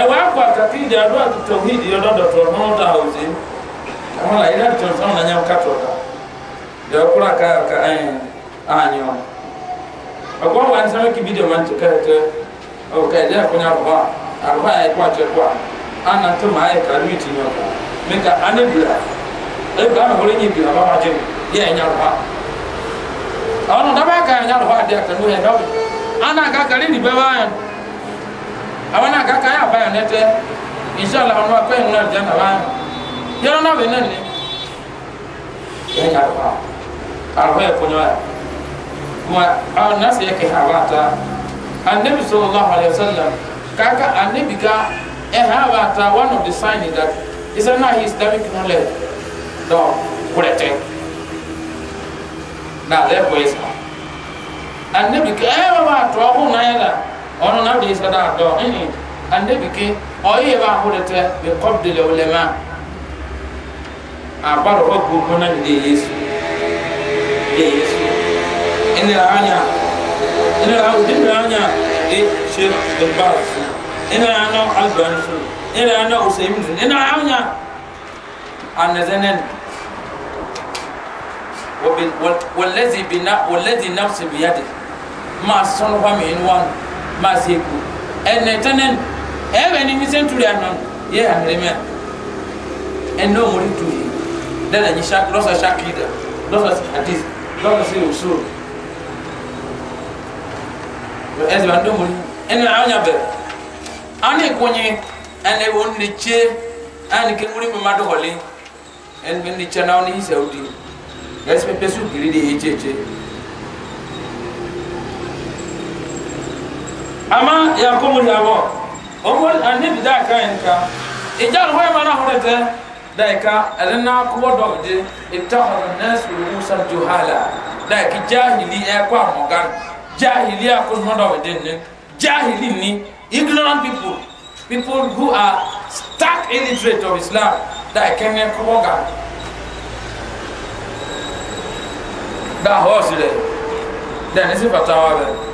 A: ẹwà akọ àkàkí ìdí adó àtútọ ní ìdí ọdọ dọtọ ọmọ ọdọ àwòsí àwọn àyè náà tó sọmọ náà nyàm kàtó ọdọ yọ ọkùnrin àká àká ẹyìn ànyọ ọkọ wà ní sọmọ kìbi dèmọ ntò kẹtẹ ọkọ ẹdí ẹkọnyà àbúrò àbúrò àyè kó àti ẹkọ àná tó mà áyè kàlú ìtì nyọ kọ mẹka àná bìlà ebi àná wọlé àwọn ọdọ bá kà ẹnyà lọ àdé àkànú ẹdọ awa na kaka ya ba ya nete inshallah ọnụ akọ ịnụ na na ba ya na ọbụ nne nne ya ya arụkwa arụkwa ya kwenye ya kuma awon nasi ya ke hawa ta annabi sallallahu alaihi wasallam kaka annabi ga e hawa ta one of the signs that is na his islamic knowledge dɔ kurɛtɛ na lɛ bɔ yi sa annabi ka ɛɛ wa tɔ ko na yɛ la ono na de sada do eh ande bike oyi ba hore te be qabd al ulama abar ho go mona de yesu de yesu ina anya ina ra udin anya e sheikh al-baz ina ana albani ina ana usaymin ina anya annazenen والذي بنا de, نفسي بيده ما صنع من وان maa si eku ɛnna tɛnɛn ɛbɛ ni mi sɛnturi ano yɛ ahirima ɛnna wɔn mo tu yi dɛnɛ nyi sa lɔsɔ sa kida lɔsɔ si hadis lɔsɔ si osu ɛzɛ wa ndomo ni ɛnna awo nya bɛ awo ne ko nye ɛnna wɔn ne tse ɛnna ke ŋuri mi ma dɔgɔlen ɛnna ne tse na wɔn ne yi sɛ o di ɛsɛ pɛpɛ su kiri de ye tse tse. ama ya ko abo o mo eh, bi ka e jar ma na da ka alna ko bo do je ittakhadha na nas bi musa jahili e ko mo jahili ya ko mo jahili ni ignorant people people who are stark illiterate of islam da kan ne ga. ne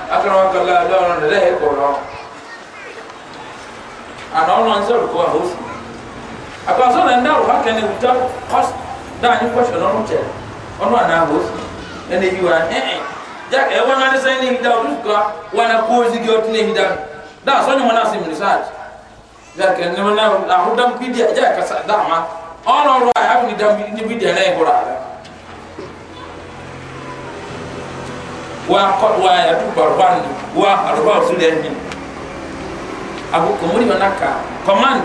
A: akarawa kala lɔɔrɔ ne lɛɛ kɔrɔ ana ɔnɔ n sɔrɔ ko a hosu a ko a sɔrɔ n da o hakɛ ne ta kɔs daa ni kɔsɔ n'ɔnɔ tɛ ɔnɔ ana a hosu ɛna yi wa ɛɛ ja ɛ wɔna ne sɛn ne yi da o tu ka wɔna koozi gɛ o tu ne yi da daa sɔni wɔna si mirisaati ja kɛ ne ma na a ho dam ki di a ja kasa daa ma ɔnɔ rɔ a y'a fi ni ni bi di a ne ye wa kɔd wa ya tu barban wa arba su da yin abu kumuri mana ka command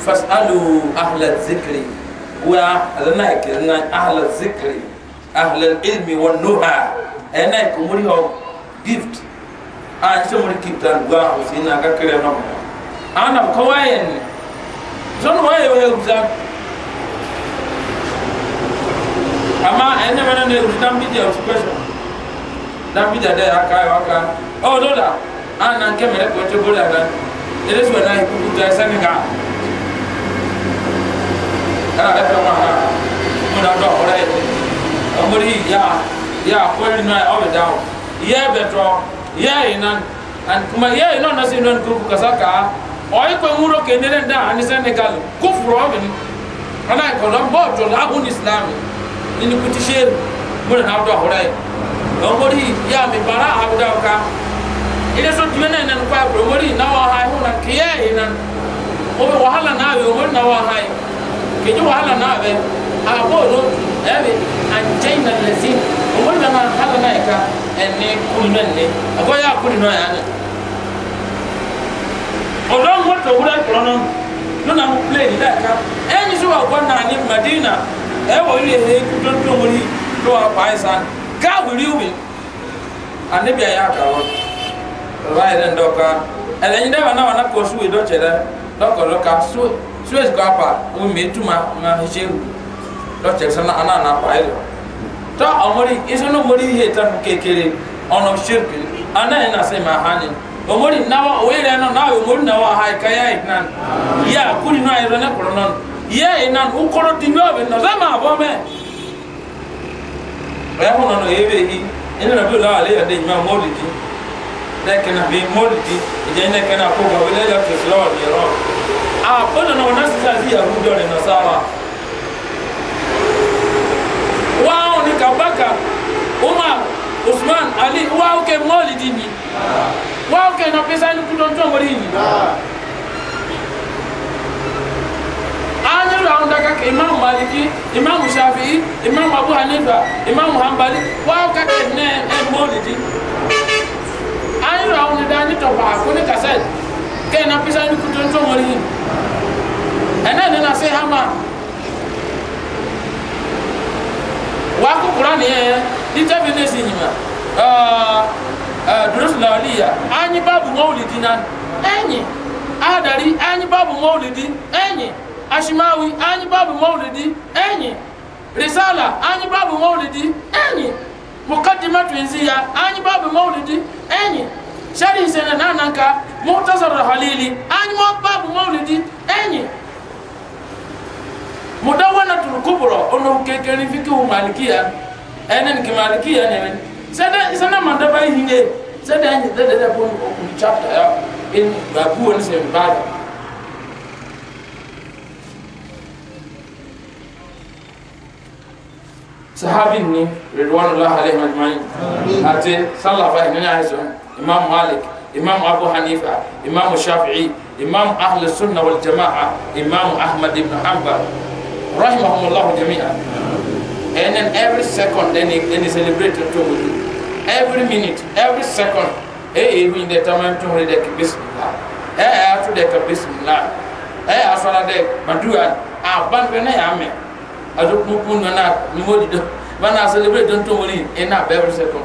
A: fasalu ahla zikri wa alana kirna ahla zikri ahla ilmi wa nuha ana kumuri ho gift a ce mun kitan wa usina ga kare no ana kawayen zon waye waye za amma ene mana ne utam bi dia question dambida dɛ aka yɔ aka ɔ do la an na kɛmɛ dɛ kɔtɔ bolo yɛ dɛ ele sɔ n'a ye kuku tɛ sani kan kana dɛ fɛn maa kan mo na dɔ kɔrɔ ye ɔmori ya ya kɔli nɔ ye aw bɛ da o yɛ bɛ tɔ yɛ yi kuma yɛ yi nɔ na se nɔni kuku kasa ka ɔyi kɔ ŋuro ke ne da ani sɛnɛgal ko furu ɔbɛ ni ana kɔlɔn bɔ jɔlɔ abu ni silamɛ ni ni kuti seere mo na na dɔ kɔrɔ ye omori ya mi bara abuda ka ile so dimene nan kwa omori na wa hai huna kiye inan o wahala na be omori na wa hai ke ji wahala na be a bo no ebe an jaina lezi omori na hala na ka enne kulmen ne ago ya kuri no ya ne odon moto wura krono nuna mu play ni daka enyi so wa gwa na ni madina e wo ile he kutontomori do wa paisa kawiri umi anabi ya kawo rai den doka ele nyida wana wana ko suwe do chere doko loka suwe suwe ko apa umi tuma na hicheru do chere sana ana na pa ele to omori isunu mori he ta kekere ono shirki ana ina sema na omori nawa wele no nawe omori nawa hai kaya iknan ya kuri no ayro ne koronon ye inan ukoro dinyo be no zama abome ɛho no no ɛyɛ bɛyi ɛne rabi ola ale yɛde nyuma mɔdidi dɛ kɛnɛ bi mɔdidi ɛgyɛ ne kɛnɛ akɔ ba wele ɛlɛ kɛsirɛ wa deɛ rɔ a bɔnɔ na wɔna sisa si yahu dɔ ne nasara waaw ni ka baka umar usman ali waaw kɛ mɔdidi ni waaw kɛ na pesa ni kudɔn tɔn wari ni. anyiru àwọn daka ka imam maliki imam shafi'i imam abu hanifa imam hanbali wàá kaka ne ẹ mọlidi anyiru àwọn ni dani tọ baako ne kasẹt kẹ́ẹ̀ na pisa ni kutu ntọ́ mọ́lì yìí ẹ̀nẹ́ ni na se hama wàá kó kura ni yẹ ní tẹ́bi ní esi yìí ma durusu lawaliya anyi baabu mọ́wulidi na ẹ̀yìn adari anyi Babu mọ́wulidi ẹ̀yìn ashimawi anyi babu maulidi enyi risala anyi babu maulidi enyi muqaddimatu inziya anyi babu maulidi enyi shari sene nananka muhtasar halili anyi babu maulidi enyi mudawanatul kubra ono kekeri fiki malikiya enen ki malikiya nenen sada sana manda bai hine sada anyi da da da bon chapter ya in babu wani sem babu sahabi ni ridwanullah alaihim ajma'in ati salafa ni ya hizo imam malik imam abu hanifa imam shafi'i imam ahli sunna wal jamaa imam ahmad ibn hanbal rahimahumullah jami'an and then every second then he, then he celebrated to with every minute every second eh eh we the time to read the bismillah eh after the bismillah eh asala de madua ah ban be na adu kpukpu nɔ na mimodi do bana celebrate don tomori ina every second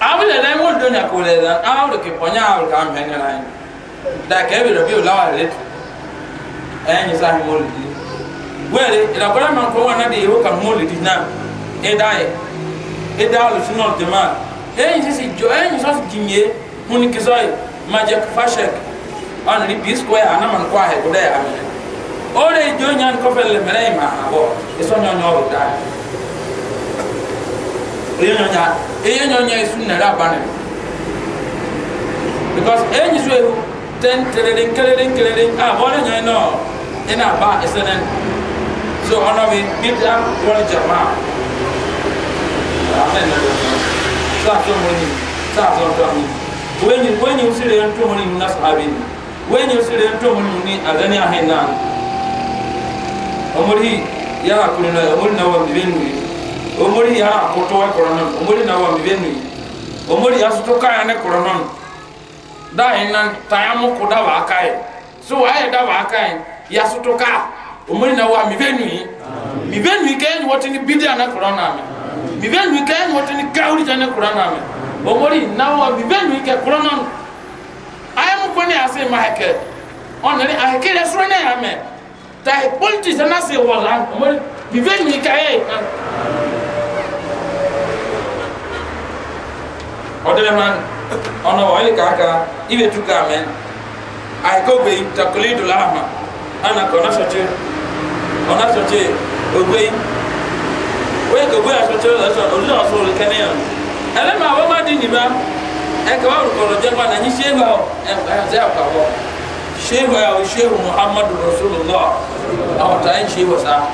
A: abile na mo do na ko le na awro ke ponya awro ka mhe na ni da ke bi robi ulawa le tu enyi sa hi mo le di wele ila bora man ko wana de ho ka mo le di na e da e e da lo sino de ma enyi si jo enyi so jinye hun ke so ma je fashek on ri bi square ana man kwa he ko da ya amene ore jo nyan ko fel mere ma bo eso nyo nyo da e nyo nya e nyo nya isu na ra bana because e nyi so ten terering kelering kelering ah bo nyo no ina ba esenen so ono mi bidda wal jamaa amen sa to mo ni sa to to ni wenyi wenyi usire ntomo ni na sahabini wenyi usire ntomo ni azani ahenan omuri ya hakuri na omuri na wa mibenu omuri ya akoto wa kora non omuri na wa mibenu yi omuri ya suto kaya ne kora non da ina tayamu da wa so wa ya da wa kai ya suto ka omuri na wa mibenu yi mibenu yi kayan wata ni bidiya na kora na me mibenu yi ni gauri ja na kora na me omuri na wa mibenu yi ka kora non ayamu ko ne ase ma heke onere tai politics na se wala mo bibe ni ka ye odele man ono oyi ka ka ibe tu ka men ai ko be takulidu lama ana ko na sote ona sote ogbe we ko be asote aso olu aso le kene ya ele ma wa ma di ni ba e ka wa ko ro je pa na ni se ba e ba se akwa shehu ya wa shehu muhammadu rasulullah awa ta yin shehu sa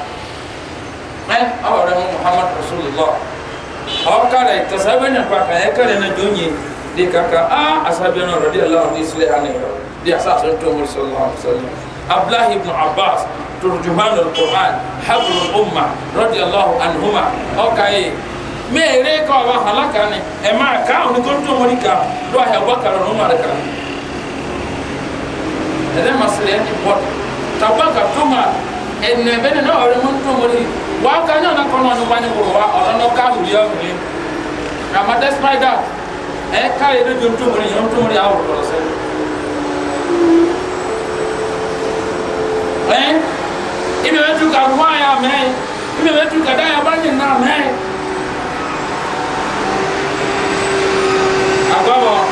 A: eh awa da muhammadu rasulullah awa kare ta sabe ne fa ka kare na jonye de kaka a asabe na radiyallahu isle aneyo de asa sun to mur sallallahu alaihi wasallam abdullah ibn abbas turjuman Al Quran, habl umma radiyallahu anhuma aw kai mere ka wa halaka ne e ma ka on ko to mur ka do ha bakara no mar ka ɛdɛ masiri ɛni bɔt taba ka tuma ɛnɛ bɛnɛ na ɔri mu ntomori wa ka nyɛ ɔna kɔnɔ ɔni wani wɔ wa ɔna na ɔka wuli ɔwuli ama despite that ɛ ka yɛ de do ntomori yɛ ntomori awɔ kɔlɔ sɛ ɛ ibi bɛ tu ka fɔ y'a mɛ ibi bɛ tu ka da y'a ba ɲin'a mɛ a ba wɔ.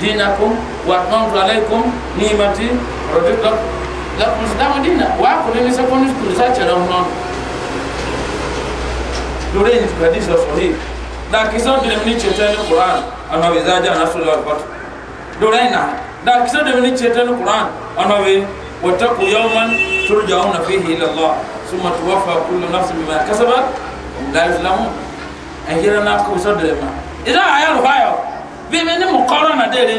A: دينكم وأتممت عليكم نعمتي رضيت لكم الإسلام دينا وأقول لي سكون ساتشا لهم لورين حديث صحيح لكن سبب لم نتشتن القرآن أنا بزاجة نفس الله أكبر لورين لكن سبب لم نتشتن القرآن أنا بي واتقوا يوما ترجعون فيه إلى الله ثم توفى كل نفس بما كسبت لا يظلمون أجرنا كوسدرنا إذا عيال فايو bíbí ní mu kọ́rọ́ nà délé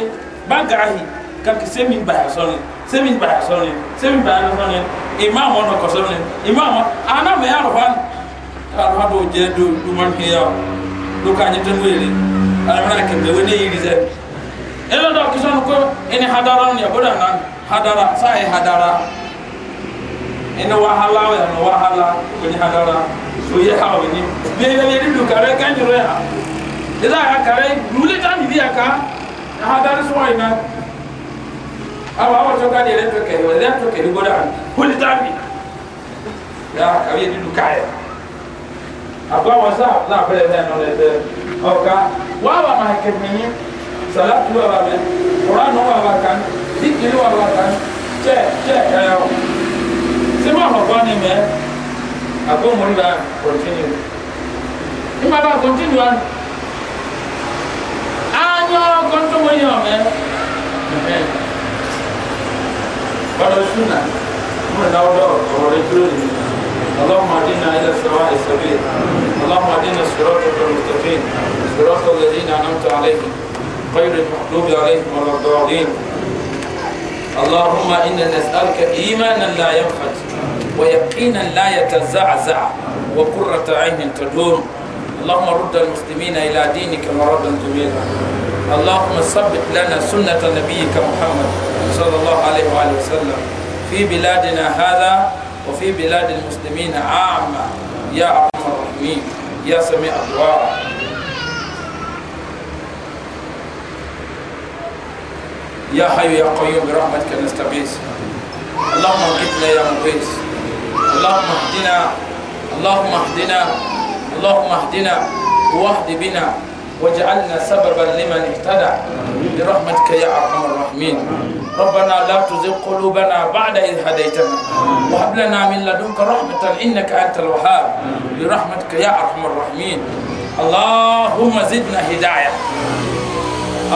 A: báńkì ahi kàkì sẹ́mi bàyà sọ́ni sẹ́mi bàyà sọ́ni sẹ́mi bàyà sọ́ni ìmá àwọn ọ̀nà kọ̀sọ́ ni ìmá àwọn àná mi àrùfá àrùfá tó jẹ́ do dùmọ̀ ní yà ló ká nyẹ tó ń wéyìí àrùfá kẹ̀kẹ́ wé ní yìí zẹ́ ẹ lọ́dọ̀ kí sọ́ni kó ẹni hadara ni àbúrò àná hadara sáyé hadara ina wahala ya wahala o kwenye hadara so ye hawa ni bebe ni dukare kanjiro ya yɛlɛ a ka kare wuli ta ni bi a ah, eh. ah, ka a ha dari sɔngɔ in na awo awo tɔ ka di yɛlɛ tɔ kɛ yɛlɛ tɔ kɛ ni bɔ da wuli ta bi ya a bɛ yɛlɛ ka yɛ a ba wa sa n'a bɛrɛ bɛrɛ nɔ dɛ ɔ ka wa wa ma kɛ min ye sala kan dikiri wa ba kan cɛ cɛ ɛɛ sima ma bɔ ni mɛ a ko continue. la kɔntiniye i كنتم أيام قالوا شنا من نودا اللهم اهدنا إلى سواء السبيل اللهم اهدنا صراطك المستقيم صراط الذين أنعمت عليهم غير المغضوب عليهم ولا الضالين اللهم إنا نسألك إيمانا لا ينفت ويقينا لا يتزعزع وقرة عين تدور اللهم رد المسلمين إلى دينك مردا جميلا اللهم ثبت لنا سنة نبيك محمد صلى الله عليه وآله وسلم في بلادنا هذا وفي بلاد المسلمين عامة يا أرحم الراحمين يا سميع الدعاء يا حي يا قيوم برحمتك نستغيث اللهم اهدنا يا مغيث اللهم اهدنا اللهم اهدنا اللهم اهدنا واهد بنا واجعلنا سببا لمن اهتدى برحمتك يا ارحم الراحمين ربنا لا تزغ قلوبنا بعد إذ هديتنا وهب لنا من لدنك رحمة إنك أنت الوهاب برحمتك يا أرحم الراحمين اللهم زدنا هداية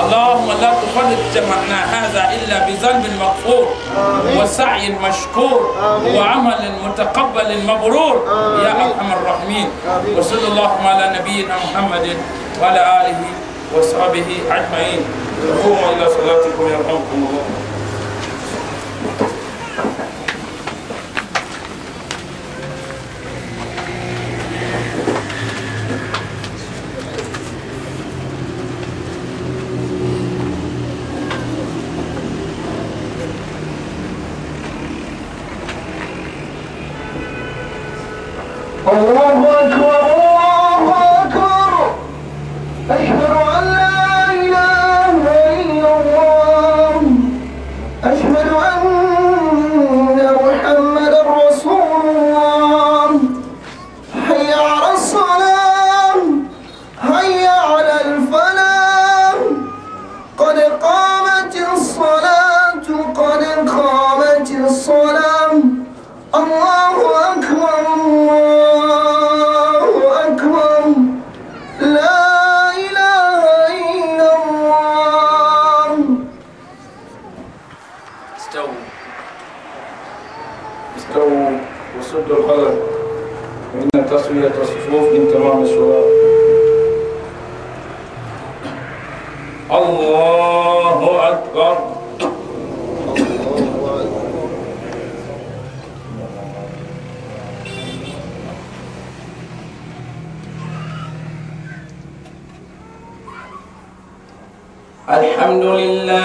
A: اللهم لا تخلد جمعنا هذا إلا بذنب مغفور وسعي مشكور وعمل متقبل مبرور يا أرحم الراحمين وصلى اللهم على نبينا محمد وعلى آله وصحبه أجمعين قوموا إلى صلاتكم يرحمكم الله
B: القدر وإن تسوية الصفوف من تمام الصلاة الله أكبر الحمد لله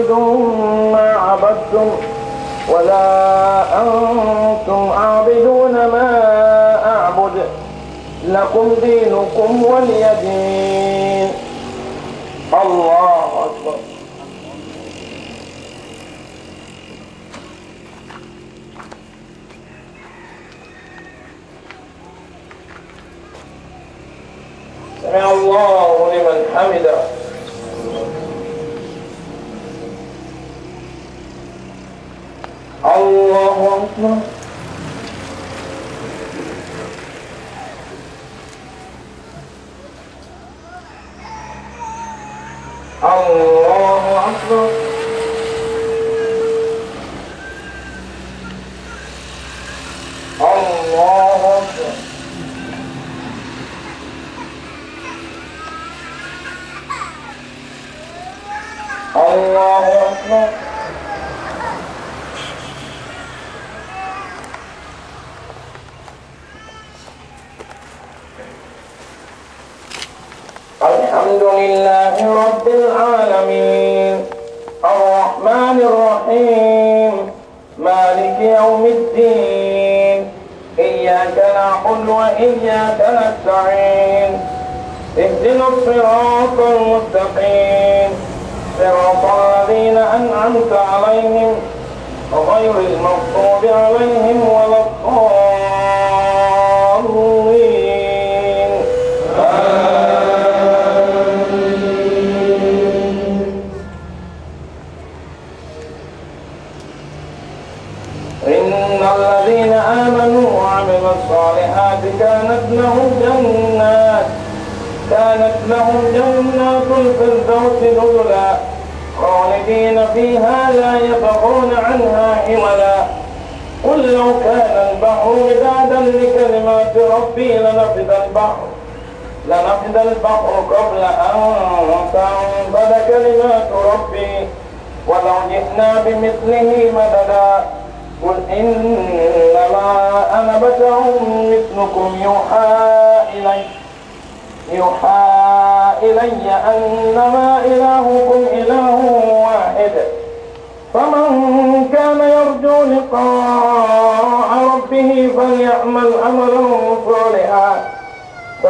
B: عابدون ما عبدتم ولا أنتم عابدون ما أعبد لكم دينكم ولي دين الله أكبر سمع الله لمن حمده الله أكبر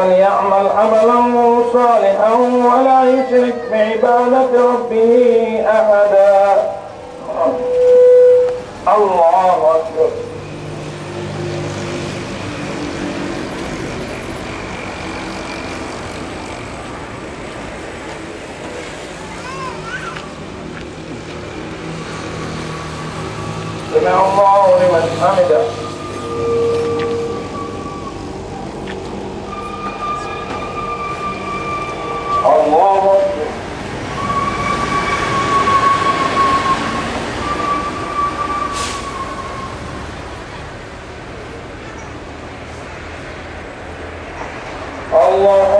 B: فليعمل عملا صالحا ولا يشرك بعبادة ربه أحدا الله أكبر سمع الله لمن حمده الله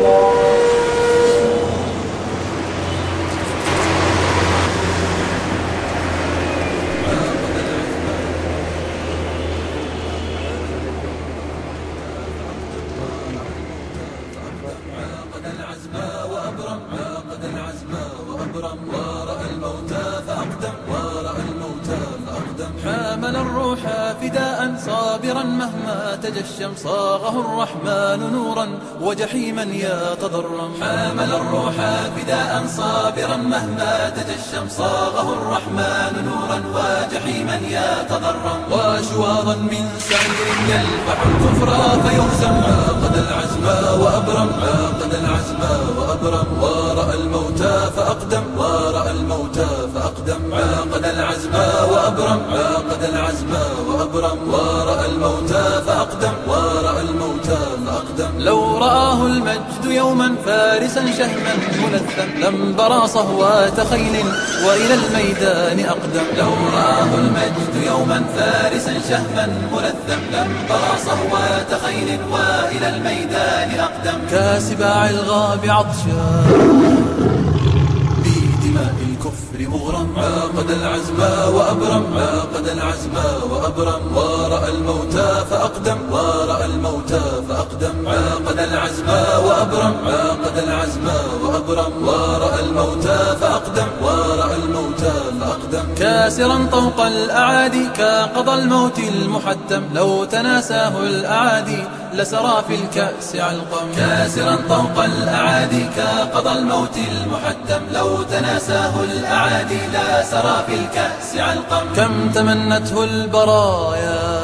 C: الشم صاغه الرحمن نورا وجحيما يتضرم حامل الروح فداء صابرا مهما تجشم صاغه الرحمن نورا وجحيما يتضرم واشواظا من سعير يلفح الكفر فيهزم ما قد العالم العزم وأبرم عاقد العزم وأبرم ورأى الموتى فأقدم ورأى الموتى فأقدم عاقد العزم وأبرم عاقد العزم وأبرم ورأى الموتى فأقدم ورأى الموتى فأقدم لو رآه المجد يوما فارسا شهما ملثا لم برى صهوات خيل وإلى الميدان أقدم لو رآه المجد يوما فارسا شهما ملثا لم برى صهوات خيل وإلى الميدان الله أقدم كاسباع الغاب عطشان بدماء الكفر مغرم عاقد العزم وأبرم عاقد العزم وأبرم ورأى الموتى فأقدم ورأى الموتى فأقدم عاقد العزم وأبرم عاقد العزم وأبرم ورأى الموتى فأقدم الموتى فأقدم كاسرا طوق الأعادي كقضى الموت المحتم لو تناساه الأعادي لسرى في الكأس علقم كاسرا طوق الأعادي كقضى الموت المحتم لو تناساه الأعادي لسرى في الكأس علقم كم تمنته البرايا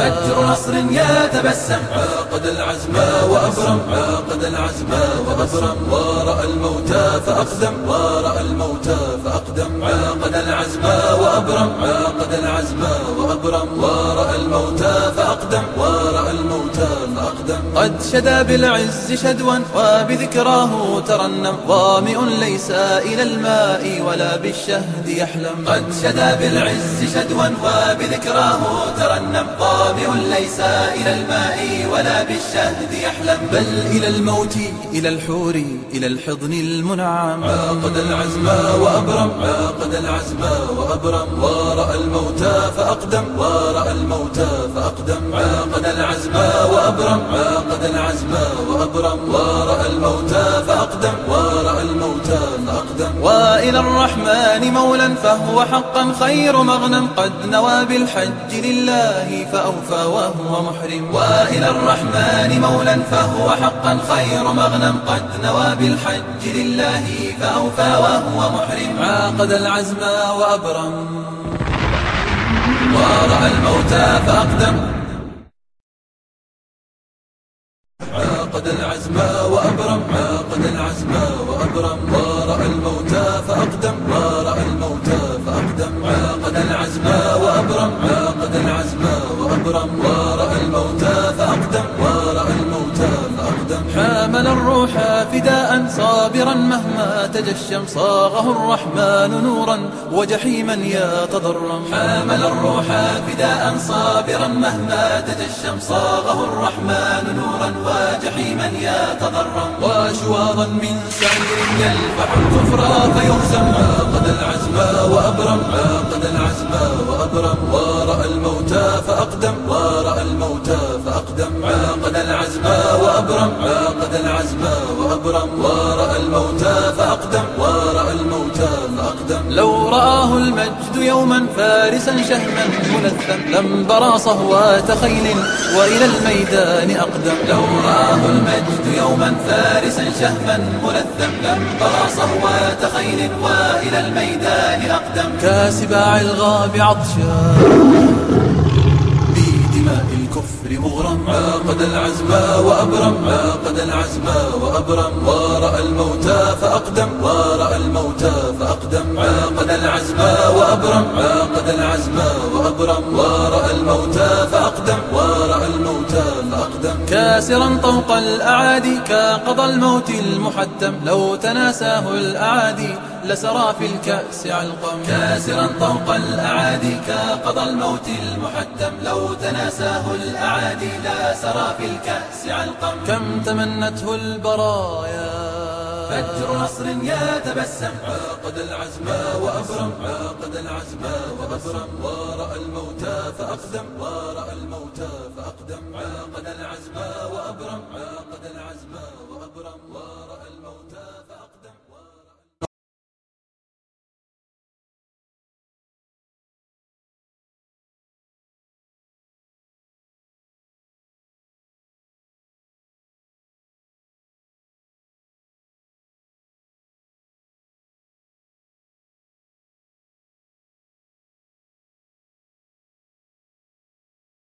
C: فجر نصر يتبسم عقد العزم وأبرم عقد العزم وأبرم ورأى الموتى فأقدم ورأى الموتى فأقدم عقد العزم وأبرم عقد العزم وأبرم ورأى الموتى فأقدم ورأى الموتى فأقدم قد شدا بالعز شدوا وبذكراه ترنم ظامئ ليس إلى الماء ولا بالشهد يحلم قد شدا بالعز شدوا وبذكراه ترنم طامع ليس إلى الماء ولا بالشهد يحلم بل إلى الموت إلى الحور إلى الحضن المنعم عاقد العزم وأبرم عاقد العزم وأبرم ورأى الموتى فأقدم ورأى الموتى فأقدم عاقد العزم وأبرم عاقد العزم وأبرم ورأى الموتى فأقدم ورأى الموتى فأقدم وإلى الرحمن مولا فهو حقا خير مغنم قد نوى بالحج لله فأولى سوف وهو محرم وإلى الرحمن مولا فهو حقا خير مغنم قد نوى بالحج لله فأوفى وهو محرم عاقد العزم وأبرم ورأى الموتى فأقدم
B: عاقد العزم وأبرم عاقد العزم وأبرم ورأى الموتى فأقدم ورأى
C: الموتى فأقدم عاقد العزم وأبرم Ramallah. فداء صابرا مهما تجشم صاغه الرحمن نورا وجحيما يتضرم حامل الروح فداء صابرا مهما تجشم صاغه الرحمن نورا وجحيما يتضرم واشواظا من سعير يلفح الكفر فيهزم ما قد العزم وأبرم ما قد العزم وأبرم ورأى الموتى فأقدم ورأى الموتى فأقدم عاقد وأبرم ورأى الموتى فأقدم ورأى الموتى فأقدم لو رآه المجد يوما فارسا شهما ملثا لم برى صهوات خيل وإلى الميدان أقدم لو رآه المجد يوما فارسا شهما ملثا لم برى صهوات خيل وإلى الميدان أقدم كاسباع الغاب عطشا الكفر مغرم عاقد العزم وأبرم عاقد العزم وأبرم ورأى الموتى فأقدم ورأى الموتى فأقدم عاقد العزم وأبرم عاقد العزم وأبرم ورأى الموتى فأقدم ورأى الموتى فأقدم كاسرا طوق الأعادي كقضى الموت المحتم لو تناساه الأعادي لسرى في الكأس علقم كاسرا طوق الأعادي كقضى الموت المحتم لو تناساه الأعادي لسرى في الكأس علقم كم تمنته البرايا فجر نصر يتبسم عقد العزم وأبرم عقد العزم وأبرم ورأى الموتى فأقدم ورأى الموتى
B: فأقدم عقد العزم وأبرم عقد العزم وأبرم ورأى